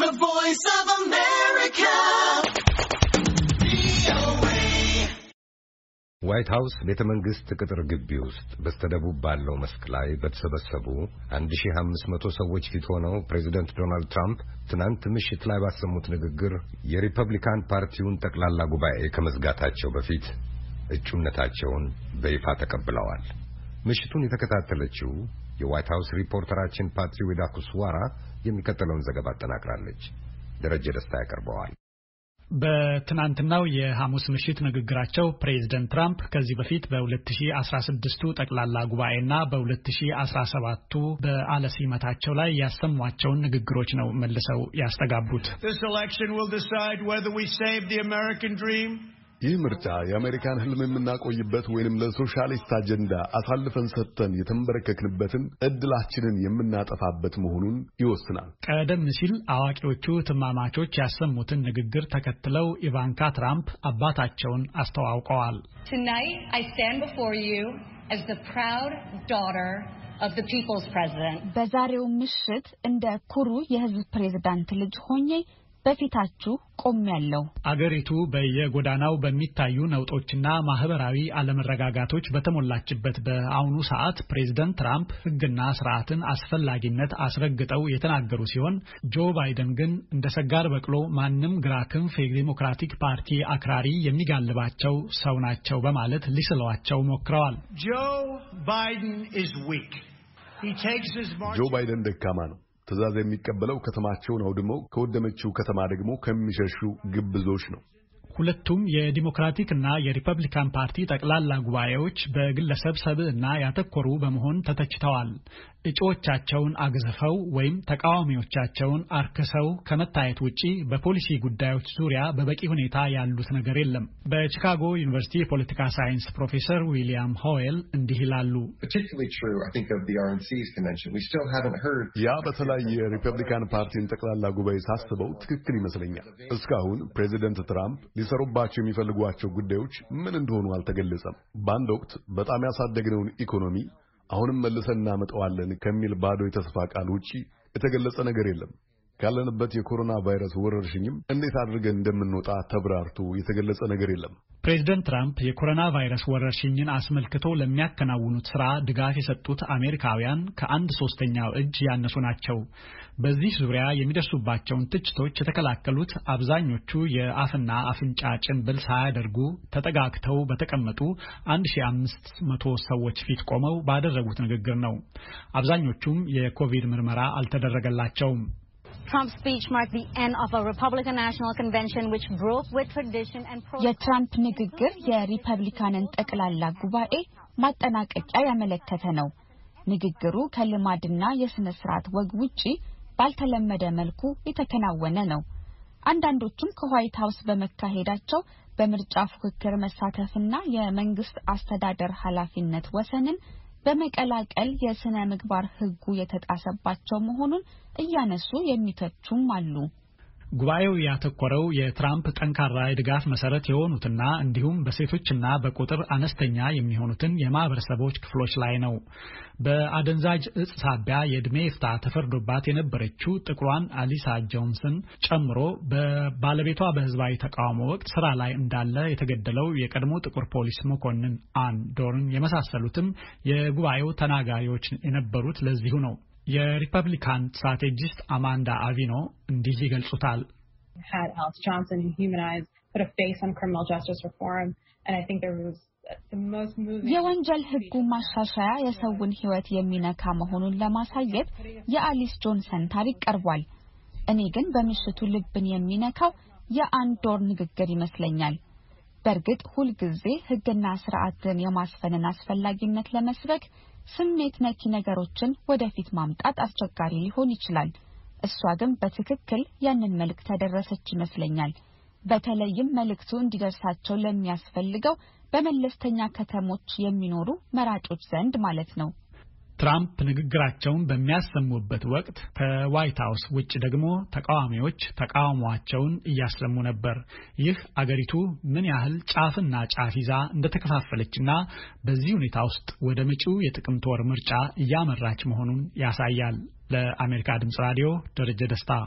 The Voice of America. ዋይት ሀውስ ቤተ መንግሥት ቅጥር ግቢ ውስጥ በስተደቡብ ባለው መስክ ላይ በተሰበሰቡ 1500 ሰዎች ፊት ሆነው ፕሬዚደንት ዶናልድ ትራምፕ ትናንት ምሽት ላይ ባሰሙት ንግግር የሪፐብሊካን ፓርቲውን ጠቅላላ ጉባኤ ከመዝጋታቸው በፊት እጩነታቸውን በይፋ ተቀብለዋል። ምሽቱን የተከታተለችው የዋይት ሀውስ ሪፖርተራችን ፓትሪ ዊዳኩስዋራ የሚከተለውን ዘገባ አጠናቅራለች። ደረጀ ደስታ ያቀርበዋል። በትናንትናው የሐሙስ ምሽት ንግግራቸው ፕሬዝደንት ትራምፕ ከዚህ በፊት በ2016ቱ ጠቅላላ ጉባኤና በ2017ቱ በዓለ ሲመታቸው ላይ ያሰሟቸውን ንግግሮች ነው መልሰው ያስተጋቡት። ይህ ምርጫ የአሜሪካን ህልም የምናቆይበት ወይንም ለሶሻሊስት አጀንዳ አሳልፈን ሰጥተን የተንበረከክንበትን እድላችንን የምናጠፋበት መሆኑን ይወስናል። ቀደም ሲል አዋቂዎቹ ትማማቾች ያሰሙትን ንግግር ተከትለው ኢቫንካ ትራምፕ አባታቸውን አስተዋውቀዋል። በዛሬው ምሽት እንደ ኩሩ የህዝብ ፕሬዝዳንት ልጅ ሆኜ በፊታችሁ ቆሜያለሁ። አገሪቱ በየጎዳናው በሚታዩ ነውጦችና ማህበራዊ አለመረጋጋቶች በተሞላችበት በአሁኑ ሰዓት ፕሬዝደንት ትራምፕ ሕግና ስርዓትን አስፈላጊነት አስረግጠው የተናገሩ ሲሆን ጆ ባይደን ግን እንደ ሰጋር በቅሎ ማንም ግራ ክንፍ የዲሞክራቲክ ፓርቲ አክራሪ የሚጋልባቸው ሰው ናቸው በማለት ሊስለዋቸው ሞክረዋል። ጆ ባይደን ደካማ ነው። ትዕዛዝ የሚቀበለው ከተማቸውን አውድመው ከወደመችው ከተማ ደግሞ ከሚሸሹ ግብዞች ነው። ሁለቱም የዲሞክራቲክ እና የሪፐብሊካን ፓርቲ ጠቅላላ ጉባኤዎች በግለሰብ ሰብዕና ያተኮሩ በመሆን ተተችተዋል። እጩዎቻቸውን አግዝፈው ወይም ተቃዋሚዎቻቸውን አርክሰው ከመታየት ውጪ በፖሊሲ ጉዳዮች ዙሪያ በበቂ ሁኔታ ያሉት ነገር የለም። በቺካጎ ዩኒቨርሲቲ የፖለቲካ ሳይንስ ፕሮፌሰር ዊሊያም ሆዌል እንዲህ ይላሉ። ያ በተለይ የሪፐብሊካን ፓርቲን ጠቅላላ ጉባኤ ሳስበው ትክክል ይመስለኛል። እስካሁን ፕሬዚደንት ትራምፕ ሊሰሩባቸው የሚፈልጓቸው ጉዳዮች ምን እንደሆኑ አልተገለጸም። በአንድ ወቅት በጣም ያሳደግነውን ኢኮኖሚ አሁንም መልሰን እናመጣዋለን ከሚል ባዶ የተስፋ ቃል ውጪ የተገለጸ ነገር የለም። ካለንበት የኮሮና ቫይረስ ወረርሽኝም እንዴት አድርገን እንደምንወጣ ተብራርቶ የተገለጸ ነገር የለም። ፕሬዝደንት ትራምፕ የኮሮና ቫይረስ ወረርሽኝን አስመልክቶ ለሚያከናውኑት ስራ ድጋፍ የሰጡት አሜሪካውያን ከአንድ ሶስተኛው እጅ ያነሱ ናቸው። በዚህ ዙሪያ የሚደርሱባቸውን ትችቶች የተከላከሉት አብዛኞቹ የአፍና አፍንጫ ጭንብል ሳያደርጉ ተጠጋግተው በተቀመጡ 1500 ሰዎች ፊት ቆመው ባደረጉት ንግግር ነው። አብዛኞቹም የኮቪድ ምርመራ አልተደረገላቸውም። የትራምፕ ንግግር የሪፐብሊካንን ጠቅላላ ጉባኤ ማጠናቀቂያ ያመለከተ ነው። ንግግሩ ከልማድና የሥነ ሥርዓት ወግ ውጪ ባልተለመደ መልኩ የተከናወነ ነው። አንዳንዶቹም ከዋይት ሀውስ በመካሄዳቸው በምርጫ ፉክክር መሳተፍና የመንግስት አስተዳደር ኃላፊነት ወሰንን በመቀላቀል የሥነ ምግባር ሕጉ የተጣሰባቸው መሆኑን እያነሱ የሚተቹም አሉ። ጉባኤው ያተኮረው የትራምፕ ጠንካራ የድጋፍ መሰረት የሆኑትና እንዲሁም በሴቶችና በቁጥር አነስተኛ የሚሆኑትን የማህበረሰቦች ክፍሎች ላይ ነው። በአደንዛጅ እጽ ሳቢያ የዕድሜ ፍታ ተፈርዶባት የነበረችው ጥቁሯን አሊሳ ጆንስን ጨምሮ በባለቤቷ በህዝባዊ ተቃውሞ ወቅት ስራ ላይ እንዳለ የተገደለው የቀድሞ ጥቁር ፖሊስ መኮንን አን ዶርን የመሳሰሉትም የጉባኤው ተናጋሪዎች የነበሩት ለዚሁ ነው። የሪፐብሊካን ስትራቴጂስት አማንዳ አቪኖ እንዲህ ይገልጹታል። የወንጀል ሕጉ ማሻሻያ የሰውን ሕይወት የሚነካ መሆኑን ለማሳየት የአሊስ ጆንሰን ታሪክ ቀርቧል። እኔ ግን በምሽቱ ልብን የሚነካው የአንድ ወር ንግግር ይመስለኛል። በእርግጥ ሁልጊዜ ሕግና ስርዓትን የማስፈንን አስፈላጊነት ለመስበክ ስሜት ነኪ ነገሮችን ወደፊት ማምጣት አስቸጋሪ ሊሆን ይችላል። እሷ ግን በትክክል ያንን መልእክት ያደረሰች ይመስለኛል። በተለይም መልእክቱ እንዲደርሳቸው ለሚያስፈልገው በመለስተኛ ከተሞች የሚኖሩ መራጮች ዘንድ ማለት ነው። ትራምፕ ንግግራቸውን በሚያሰሙበት ወቅት ከዋይት ሀውስ ውጭ ደግሞ ተቃዋሚዎች ተቃውሟቸውን እያሰሙ ነበር። ይህ አገሪቱ ምን ያህል ጫፍና ጫፍ ይዛ እንደተከፋፈለችና በዚህ ሁኔታ ውስጥ ወደ መጪው የጥቅምት ወር ምርጫ እያመራች መሆኑን ያሳያል። ለአሜሪካ ድምፅ ራዲዮ ደረጀ ደስታ